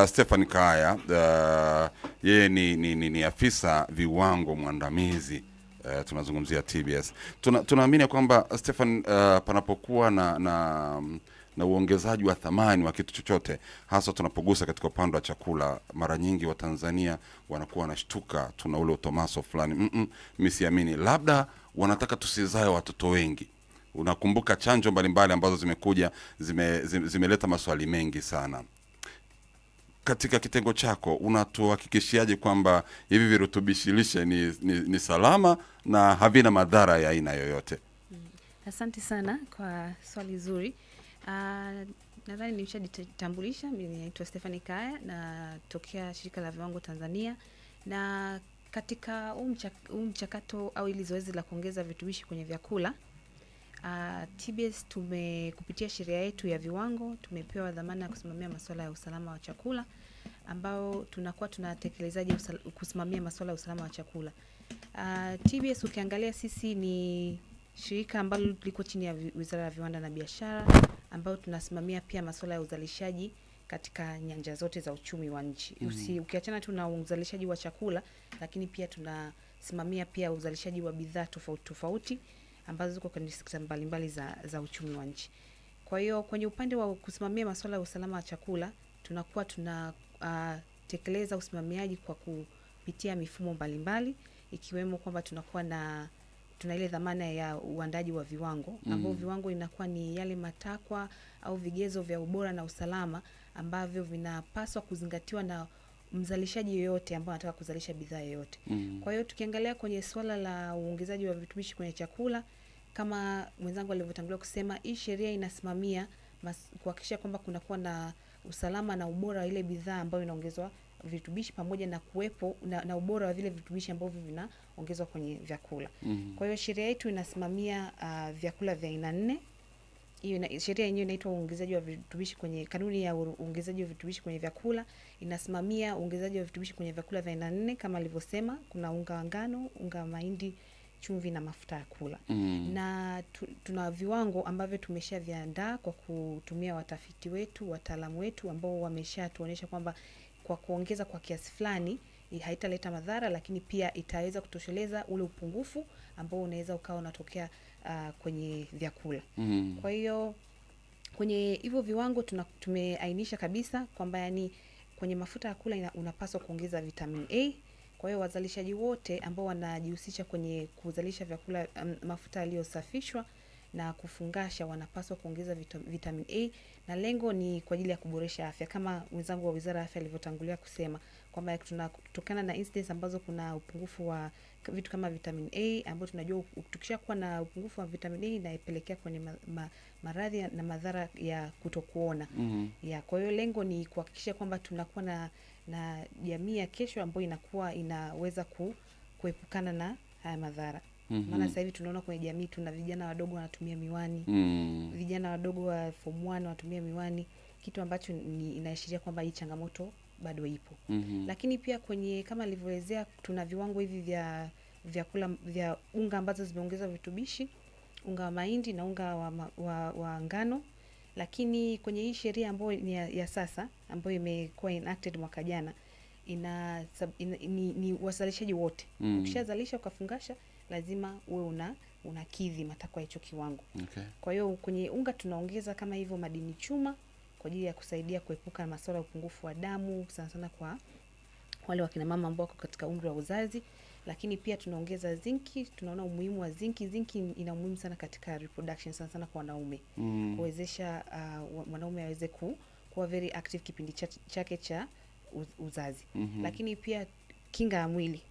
Uh, Stefan Kaya uh, yeye ni, ni, ni, ni afisa viwango mwandamizi uh, tunazungumzia TBS. Tunaamini kwamba uh, Stefan, uh, panapokuwa na, na, na uongezaji wa thamani wa kitu chochote, hasa tunapogusa katika upande wa chakula, mara nyingi Watanzania wanakuwa wanashtuka, tuna ule utomaso fulani mm -mm, mimi siamini, labda wanataka tusizae watoto wengi Unakumbuka chanjo mbalimbali ambazo zimekuja zimeleta zime, zime maswali mengi sana katika kitengo chako unatuhakikishiaje kwamba hivi virutubishi lishe ni, ni, ni salama na havina madhara ya aina yoyote? Mm, asante sana kwa swali zuri. Uh, nadhani nimeshajitambulisha. Mimi naitwa stehani Kaya, natokea shirika la viwango Tanzania, na katika huu mchakato au ili zoezi la kuongeza virutubishi kwenye vyakula Uh, ah, TBS tume kupitia sheria yetu ya viwango tumepewa dhamana ya kusimamia masuala ya usalama wa chakula ambao tunakuwa tunatekelezaje kusimamia masuala ya usalama wa chakula. Uh, ah, TBS ukiangalia sisi ni shirika ambalo liko chini ya Wizara ya Viwanda na Biashara ambao tunasimamia pia masuala ya uzalishaji katika nyanja zote za uchumi wa nchi. Mm -hmm. Ukiachana tu na uzalishaji wa chakula lakini pia tunasimamia pia uzalishaji wa bidhaa tofauti tofauti ambazo ziko kwenye sekta mbalimbali za, za uchumi wa nchi. Kwa hiyo kwenye upande wa kusimamia masuala ya usalama wa chakula tunakuwa tunatekeleza ah, uh, usimamiaji kwa kupitia mifumo mbalimbali ikiwemo kwamba tunakuwa na tuna ile dhamana ya uandaji wa viwango mm-hmm. ambao mm. viwango inakuwa ni yale matakwa au vigezo vya ubora na usalama ambavyo vinapaswa kuzingatiwa na mzalishaji yoyote ambaye anataka kuzalisha bidhaa yoyote. Mm. Kwa hiyo tukiangalia kwenye swala la uongezaji wa virutubishi kwenye chakula kama mwenzangu alivyotangulia kusema, hii sheria inasimamia kuhakikisha kwamba kunakuwa na usalama na ubora wa ile bidhaa ambayo inaongezwa virutubishi pamoja na kuwepo na, na ubora wa vile virutubishi ambavyo vinaongezwa kwenye vyakula. Mm. Kwa hiyo sheria yetu inasimamia uh, vyakula vya aina nne hiyo sheria yenyewe inaitwa uongezaji wa virutubishi kwenye kanuni ya uongezaji wa virutubishi kwenye vyakula inasimamia uongezaji wa virutubishi kwenye vyakula vya aina nne kama alivyosema, kuna unga wa ngano, unga wa mahindi, chumvi na mafuta ya kula mm. na tu, tuna viwango ambavyo tumeshaviandaa kwa kutumia watafiti wetu, wataalamu wetu ambao wameshatuonyesha kwamba kwa kuongeza kwa kiasi fulani haitaleta madhara, lakini pia itaweza kutosheleza ule upungufu ambao unaweza ukawa unatokea uh, kwenye vyakula mm. Kwa hiyo kwenye hivyo viwango tuna, tumeainisha kabisa kwamba yani kwenye mafuta ya kula unapaswa kuongeza vitamin A. Kwa hiyo wazalishaji wote ambao wanajihusisha kwenye kuzalisha vyakula um, mafuta yaliyosafishwa na kufungasha wanapaswa kuongeza vitamin A na lengo ni kwa ajili ya kuboresha afya, kama mwenzangu wa Wizara ya Afya alivyotangulia kusema kwamba tunatokana na incidence ambazo kuna upungufu wa vitu kama vitamin A ambayo tunajua tukishakuwa na upungufu wa vitamin A inaipelekea kwenye ma, ma, maradhi na madhara ya kutokuona. Mm -hmm. Ya, kwa hiyo lengo ni kuhakikisha kwamba tunakuwa na na jamii ya kesho ambayo inakuwa inaweza ku, kuepukana na haya madhara mm -hmm. Maana sasa hivi tunaona kwenye jamii tuna vijana wadogo wanatumia miwani mm -hmm. Vijana wadogo wa form wanatumia miwani, kitu ambacho ni inaashiria kwamba hii changamoto bado ipo mm -hmm. Lakini pia kwenye kama alivyoelezea tuna viwango hivi vya vyakula vya unga ambazo zimeongeza virutubishi, unga wa mahindi na unga wa, wa, wa ngano. Lakini kwenye hii sheria ambayo ni ya, ya sasa ambayo imekuwa enacted mwaka jana ina, ina ni, ni wazalishaji wote mm. Ukishazalisha ukafungasha lazima uwe una unakidhi matakwa ya hicho kiwango. Okay. Kwa hiyo kwenye unga tunaongeza kama hivyo madini chuma kwa ajili ya kusaidia kuepuka masuala ya upungufu wa damu sana sana kwa wale wakinamama mama ambao wako katika umri wa uzazi, lakini pia tunaongeza zinki. Tunaona umuhimu wa zinki. Zinki ina umuhimu sana katika reproduction, sana sana kwa wanaume mm. kuwezesha uh, mwanaume aweze ku, kuwa very active kipindi chake cha uzazi mm -hmm. lakini pia kinga ya mwili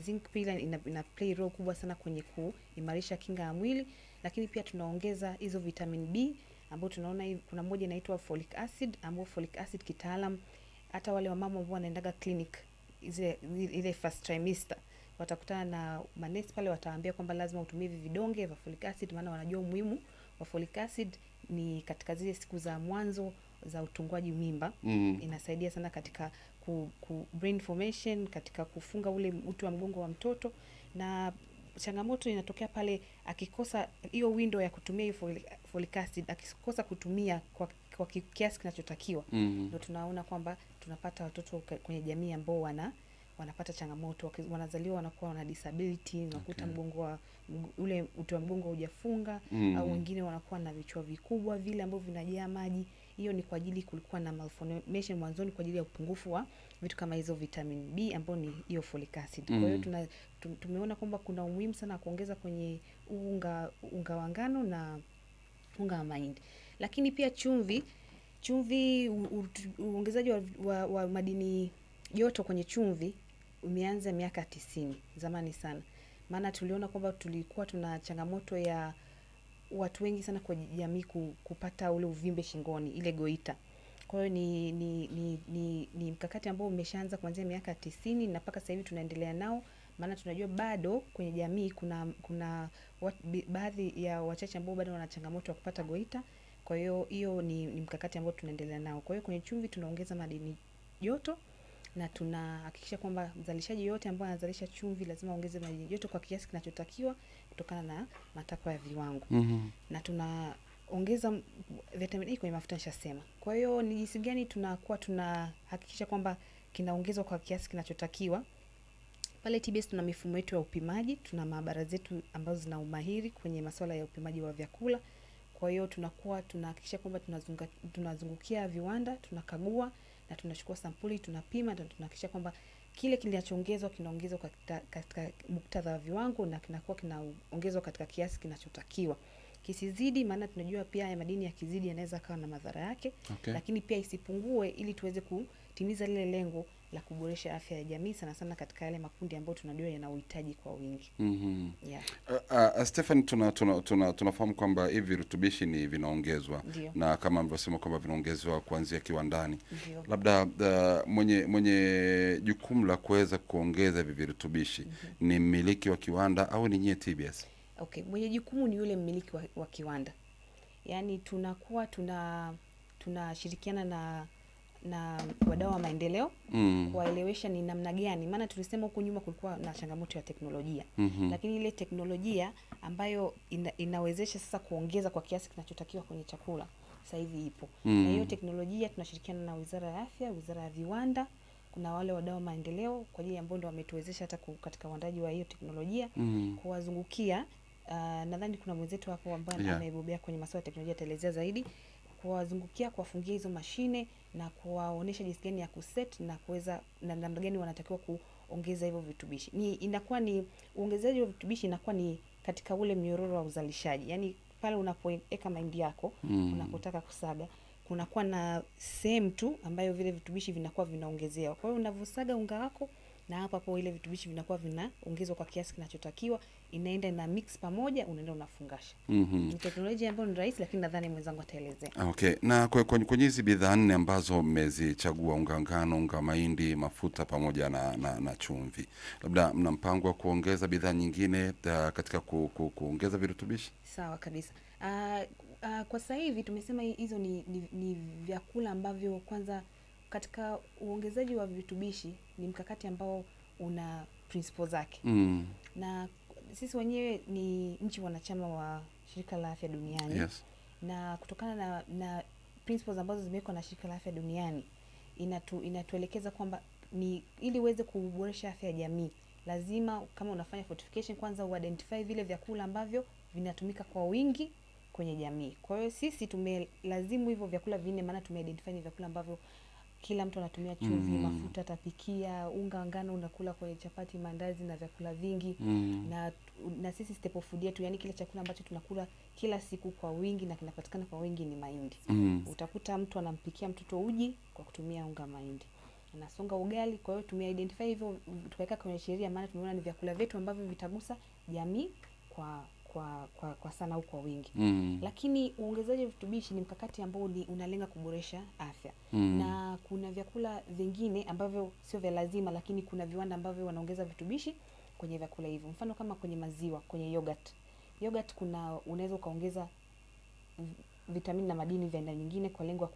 Zinc pia ina, ina play role kubwa sana kwenye kuimarisha kinga ya mwili, lakini pia tunaongeza hizo vitamin B ambayo tunaona kuna moja inaitwa folic acid, ambayo folic acid kitaalam hata wale wamama ambao wanaendaga clinic ile ile first trimester watakutana na manesi pale, wataambia kwamba lazima utumie hivi vidonge vya folic acid, maana wanajua umuhimu wa folic acid ni katika zile siku za mwanzo za utungwaji mimba mm. Inasaidia sana katika ku, ku brain formation, katika kufunga ule uti wa mgongo wa mtoto, na changamoto inatokea pale akikosa hiyo window ya kutumia hiyo folic acid, akikosa kutumia kwa, kwa kiasi kinachotakiwa ndo mm -hmm. Tunaona kwamba tunapata watoto kwenye jamii ambao wana wanapata changamoto, wanazaliwa wanakuwa wana disability, unakuta okay. mgongo wa ule uti wa mgongo haujafunga mm -hmm. au mm-hmm. wengine wanakuwa na vichwa vikubwa vile ambavyo vinajaa maji. Hiyo ni kwa ajili kulikuwa na malformation mwanzoni kwa ajili ya upungufu wa vitu kama hizo vitamin B ambayo ni hiyo folic acid. Mm. Kwa hiyo mm. tuna tumeona kwamba kuna umuhimu sana kuongeza kwenye unga unga wa ngano na unga wa mahindi. Lakini pia chumvi, chumvi uongezaji wa, wa, wa madini joto kwenye chumvi umeanza miaka tisini, zamani sana. Maana tuliona kwamba tulikuwa tuna changamoto ya watu wengi sana kwa jamii kupata ule uvimbe shingoni, ile goita. Kwa hiyo ni, ni, ni, ni, ni mkakati ambao umeshaanza kuanzia miaka tisini na mpaka sasa hivi tunaendelea nao, maana tunajua bado kwenye jamii kuna, kuna baadhi ya wachache ambao bado wana changamoto ya kupata goita. Kwa hiyo hiyo ni, ni mkakati ambao tunaendelea nao. Kwa hiyo kwenye chumvi tunaongeza madini joto na tunahakikisha kwamba mzalishaji yote ambaye anazalisha chumvi lazima aongeze maji joto kwa kiasi kinachotakiwa kutokana na matakwa ya viwango mm -hmm. na ongeza vitamin E kwenye mafuta nishasema. Kwa hiyo ni jinsi gani tunakuwa tunahakikisha kwamba kinaongezwa kwa kiasi kinachotakiwa pale TBS tuna mifumo yetu ya upimaji, tuna maabara zetu ambazo zina umahiri kwenye masuala ya upimaji wa vyakula. Kwa hiyo tunakuwa tunahakikisha kwamba tunazungukia viwanda, tunakagua na tunachukua sampuli, tunapima, tunahakikisha kwamba kile kinachoongezwa kinaongezwa katika muktadha wa viwango na kinakuwa kinaongezwa katika kiasi kinachotakiwa kisizidi, maana tunajua pia ya madini ya kizidi yanaweza kawa na madhara yake okay. Lakini pia isipungue ili tuweze kutimiza lile lengo la kuboresha afya ya jamii sana sana katika yale makundi ambayo tunajua yana uhitaji kwa wingi. mm -hmm. yeah. Uh, uh, uh Stefan, tuna tunafahamu tuna, tuna kwamba hivi virutubishi ni vinaongezwa na kama mlivyosema kwamba vinaongezwa kuanzia kiwandani. Labda uh, mwenye mwenye jukumu la kuweza kuongeza hivi virutubishi mm -hmm. ni mmiliki wa kiwanda au ni nyie TBS? Okay, mwenye jukumu ni yule mmiliki wa, wa kiwanda. Yaani tunakuwa tuna tunashirikiana na na wadau wa maendeleo mm. kuwaelewesha ni namna gani, maana tulisema huku nyuma kulikuwa na changamoto ya teknolojia mm -hmm. lakini ile teknolojia ambayo ina, inawezesha sasa kuongeza kwa kiasi kinachotakiwa kwenye chakula sasa hivi ipo mm. na hiyo teknolojia tunashirikiana na Wizara ya Afya, Wizara ya Viwanda, kuna wale wadau wa maendeleo kwa ajili ambao ndio wametuwezesha hata katika uandaji wa hiyo teknolojia mm. kuwazungukia uh, nadhani kuna mwenzetu hapo ambaye yeah, amebobea kwenye masuala ya teknolojia ataelezea zaidi, kuwazungukia kuwafungia hizo mashine na kuwaonesha jinsi gani ya kuset na kuweza na namna gani wanatakiwa kuongeza hivyo vitubishi. Ni inakuwa ni uongezaji wa vitubishi inakuwa ni katika ule mnyororo wa uzalishaji, yaani pale unapoweka mahindi yako mm, unapotaka kusaga kunakuwa na sehemu tu ambayo vile vitubishi vinakuwa vinaongezewa. Kwa hiyo unavyosaga unga wako na hapo hapo ile vitubishi vinakuwa vinaongezwa kwa kiasi kinachotakiwa, inaenda na mix pamoja, unaenda unafungasha. mm -hmm. Ni teknolojia ambayo ni rahisi, lakini nadhani mwenzangu ataelezea. Ah, okay, na kwenye hizi bidhaa nne ambazo mmezichagua, unga ngano, unga mahindi, mafuta pamoja na, na, na chumvi, labda mna mpango wa kuongeza bidhaa nyingine da, ah, katika ku, ku, kuongeza virutubishi? Sawa kabisa. Uh, uh, kwa sasa hivi tumesema hizo ni, ni, ni vyakula ambavyo kwanza katika uongezaji wa virutubishi ni mkakati ambao una principle zake mm. na sisi wenyewe ni nchi wanachama wa shirika la afya duniani yes. na kutokana na, na principles ambazo zimewekwa na shirika la afya duniani inatu, inatuelekeza kwamba ni ili uweze kuboresha afya ya jamii lazima kama unafanya fortification kwanza uidentify vile vyakula ambavyo vinatumika kwa wingi kwenye jamii. Kwa hiyo sisi tumelazimu hivyo vyakula vinne, maana tumeidentify ni vyakula ambavyo kila mtu anatumia chumvi, mm. mafuta atapikia, unga ngano unakula kwenye chapati, mandazi na vyakula vingi mm. na, na sisi of food yetu, yani kile chakula ambacho tunakula kila siku kwa wingi na kinapatikana kwa wingi ni mahindi mm. Utakuta mtu anampikia mtoto uji kwa kutumia unga mahindi, anasonga ugali. Kwa hiyo tumia identify hivyo tukaweka kwenye sheria, maana tumeona ni vyakula vyetu ambavyo vitagusa jamii kwa kwa, kwa, kwa sana au kwa wingi mm. Lakini uongezaji wa virutubishi ni mkakati ambao unalenga kuboresha afya mm. Na kuna vyakula vingine ambavyo sio vya lazima, lakini kuna viwanda ambavyo wanaongeza virutubishi kwenye vyakula hivyo, mfano kama kwenye maziwa, kwenye yogurt. Yogurt kuna unaweza ukaongeza vitamini na madini vya aina nyingine kwa lengo la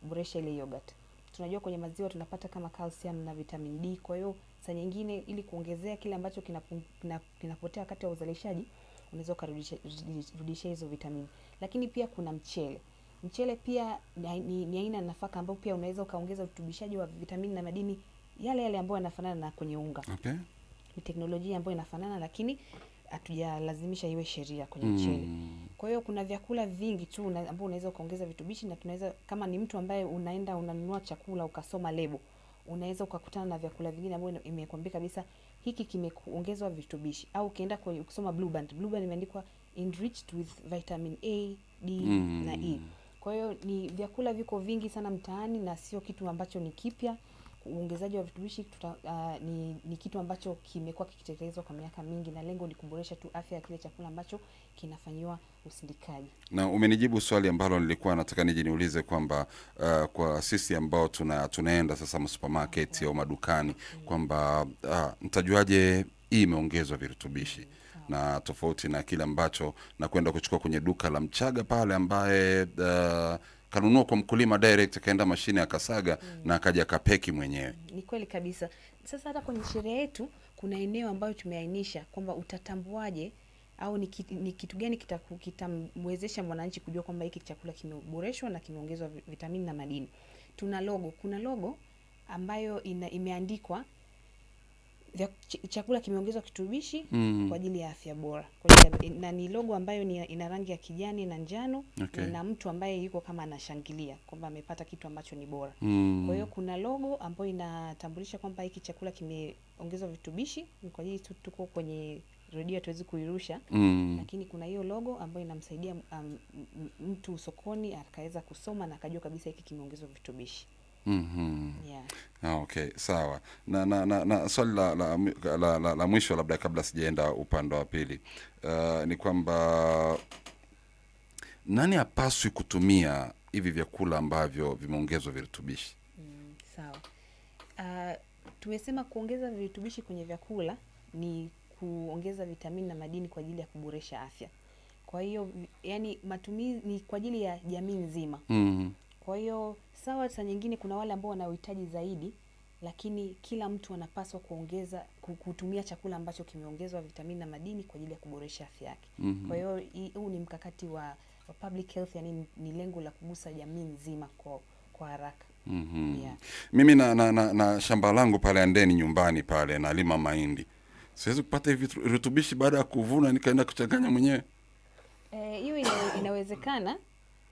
kuboresha ile yogurt. Tunajua kwenye maziwa tunapata kama calcium na vitamin D. Kwa hiyo saa nyingine ili kuongezea kile ambacho kinapotea kina wakati wa uzalishaji unaweza ukarudisha hizo vitamini. Lakini pia kuna mchele. Mchele pia ni, ni aina ya nafaka ambayo pia unaweza ukaongeza utubishaji wa vitamini na madini yale yale ambayo yanafanana na kwenye unga. Okay. Ni teknolojia ambayo inafanana lakini hatujalazimisha iwe sheria kwenye mm. mchele. Kwa hiyo kuna vyakula vingi tu una, ambao unaweza ukaongeza vitubishi na tunaweza kama ni mtu ambaye unaenda unanunua chakula ukasoma lebo, unaweza ukakutana na vyakula vingine ambayo imekwambia kabisa hiki kimeongezwa virutubishi, au ukienda kwenye ukisoma blueband blueband imeandikwa enriched with vitamin A, D mm. na E. Mm. Kwa hiyo ni vyakula viko vingi sana mtaani na sio kitu ambacho ni kipya uongezaji wa virutubishi tuta, uh, ni, ni kitu ambacho kimekuwa kikitekelezwa kwa miaka mingi na lengo ni kuboresha tu afya ya kile chakula ambacho kinafanyiwa usindikaji. Na umenijibu swali ambalo nilikuwa nataka niji niulize kwamba uh, kwa sisi ambao tuna, tunaenda sasa masupermarket okay, au madukani mm, kwamba uh, ah, ntajuaje hii imeongezwa virutubishi mm. na tofauti na kile ambacho nakwenda kuchukua kwenye duka la Mchaga pale ambaye uh, kanunua kwa mkulima direct, akaenda mashine akasaga mm. na akaja kapeki mwenyewe. Mm, ni kweli kabisa. Sasa hata kwenye sherehe yetu kuna eneo ambayo tumeainisha kwamba utatambuaje au ni kitu gani kitamwezesha mwananchi kujua kwamba hiki chakula kimeboreshwa na kimeongezwa vitamini na madini. Tuna logo, kuna logo ambayo ina, imeandikwa chakula kimeongezwa kitubishi mm. kwa ajili ya afya bora na ni logo ambayo ni ina rangi ya kijani na njano okay. na mtu ambaye yuko kama anashangilia kwamba amepata kitu ambacho ni bora mm. kwa hiyo kuna logo ambayo inatambulisha kwamba hiki chakula kimeongezwa vitubishi, ni kwa ajili tu tuko kwenye redio hatuwezi kuirusha mm. lakini kuna hiyo logo ambayo inamsaidia um, mtu sokoni akaweza kusoma na akajua kabisa hiki kimeongezwa vitubishi mm -hmm. yeah. Ah, okay, sawa. Na, na, na, na swali la, la, la, la, la mwisho labda kabla sijaenda upande wa pili uh, ni kwamba nani hapaswi kutumia hivi vyakula ambavyo vimeongezwa virutubishi? Mm, sawa. Uh, tumesema kuongeza virutubishi kwenye vyakula ni kuongeza vitamini na madini kwa ajili ya kuboresha afya. Kwa hiyo yani matumizi ni kwa ajili ya jamii nzima. mm -hmm. Kwa hiyo sawa, saa nyingine kuna wale ambao wana uhitaji zaidi, lakini kila mtu anapaswa kuongeza kutumia chakula ambacho kimeongezwa vitamini na madini kwa ajili ya kuboresha afya yake. Mm -hmm. Kwa hiyo huu ni mkakati wa, wa public health, yani ni lengo la kugusa jamii nzima kwa, kwa haraka. Mm -hmm. Yeah. Mimi na, na, na, na shamba langu pale Andeni nyumbani pale nalima mahindi, siwezi kupata hivi rutubishi baada ya kuvuna nikaenda kuchanganya mwenyewe eh, hiyo. inawezekana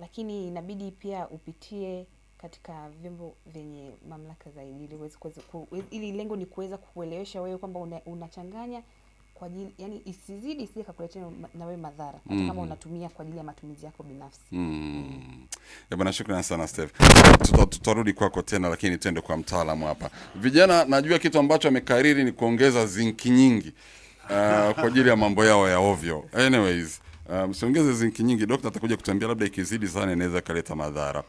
lakini inabidi pia upitie katika vyombo vyenye mamlaka zaidi ili uweze ku, ili lengo ni kuweza kuelewesha wewe kwamba una, unachanganya kwa ajili yani, isizidi isije kakuletea na wewe madhara hata mm kama mm-hmm. unatumia kwa ajili ya matumizi yako binafsi mm. mm. Ya bwana, shukrani sana Steve, tutarudi kwako tena, lakini twende kwa mtaalamu hapa. Vijana najua kitu ambacho amekariri ni kuongeza zinki nyingi uh, kwa ajili ya mambo yao ya ovyo anyways msiongeze um, zinki nyingi. Dokta atakuja kutambia labda ikizidi sana inaweza kaleta madhara.